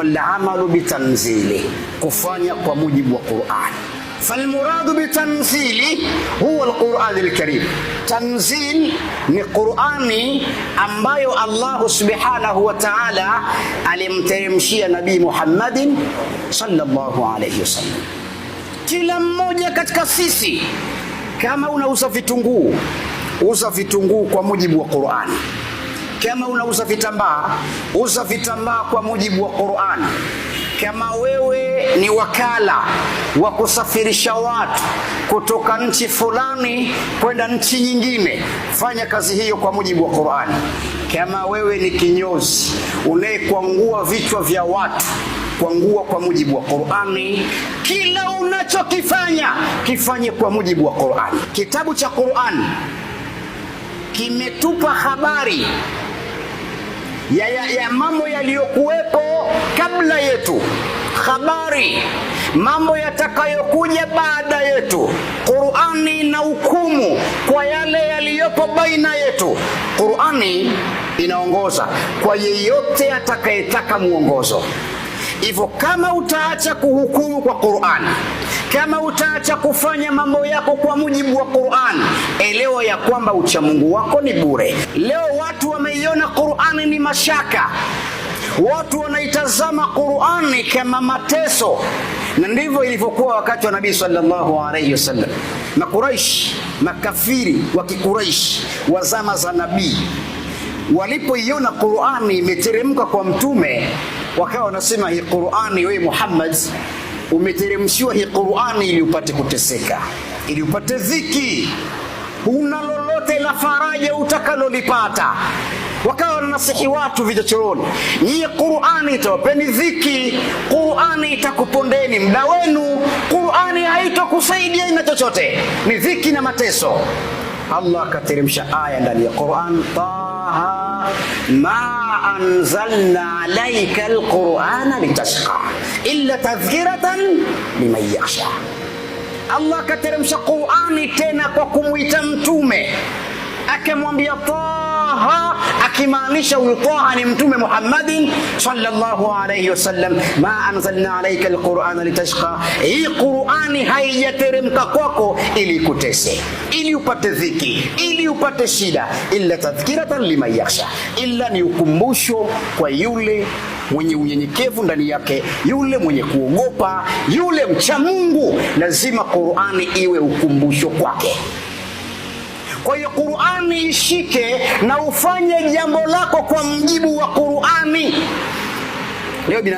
walamalu bitamthili, kufanya kwa mujibu wa Qur'an. Falmuradu bitanzili huwa alqurani alkarim. tanzil ni Qurani ambayo Allahu subhanahu wa ta'ala alimteremshia nabi Muhammadin sallallahu alayhi wasallam. Kila mmoja katika sisi, kama unauza vitunguu, uza vitunguu kwa mujibu wa Qurani. Kama unauza vitambaa, uza vitambaa kwa mujibu wa Qur'an. Kama wewe ni wakala wa kusafirisha watu kutoka nchi fulani kwenda nchi nyingine, fanya kazi hiyo kwa mujibu wa Qur'ani. Kama wewe ni kinyozi unayekwangua vichwa vya watu, kwangua kwa mujibu wa Qur'ani. Kila unachokifanya kifanye kwa mujibu wa Qur'ani. Kitabu cha Qur'ani kimetupa habari ya, ya, ya mambo yaliyokuwepo kabla yetu, habari mambo yatakayokuja baada yetu. Qurani ina hukumu kwa yale yaliyopo baina yetu. Qurani inaongoza kwa yeyote atakayetaka mwongozo. Hivyo kama utaacha kuhukumu kwa Qurani kama utaacha kufanya mambo yako kwa mujibu wa Qur'an, elewa ya kwamba uchamungu wako ni bure. Leo watu wameiona Qur'ani ni mashaka, watu wanaitazama Qur'ani kama mateso, na ndivyo ilivyokuwa wakati wa Nabii sallallahu alayhi wasallam. Makuraish, makafiri wa Kikuraish wa zama za Nabii walipoiona Qur'ani imeteremka kwa Mtume, wakawa wanasema hii Qur'ani, wewe Muhammad umeteremshiwa hii Qur'ani ili upate kuteseka, ili upate dhiki, huna lolote la faraja utakalolipata. Wakawa wanasihi watu vichochoroni, hii Qur'ani itawapeni dhiki, Qur'ani itakupondeni muda wenu, Qur'ani haitokusaidia ina chochote, ni dhiki na mateso. Allah akateremsha aya ndani ya Qur'an Taha ما أنزلنا عليك القرآن لتشقى إلا تذكرة لمن يخشى الله كترمش قرآن تينا وكم ويتم أكم وبيطار akimaanisha huyu Taha ni Mtume Muhammadin sallallahu alayhi wasallam. Ma anzalna alayka alqur'ana litashqa, hii Qur'ani haijateremka kwako ili kutese, ili upate dhiki, ili upate shida, illa tadhkiratan liman yakhsha, illa ni ukumbusho kwa yule mwenye unyenyekevu ndani yake, yule mwenye kuogopa, yule mcha Mungu. Lazima Qur'ani iwe ukumbusho kwake. Kwa hiyo Qur'ani ishike na ufanye jambo lako kwa mjibu wa Qur'ani. Leo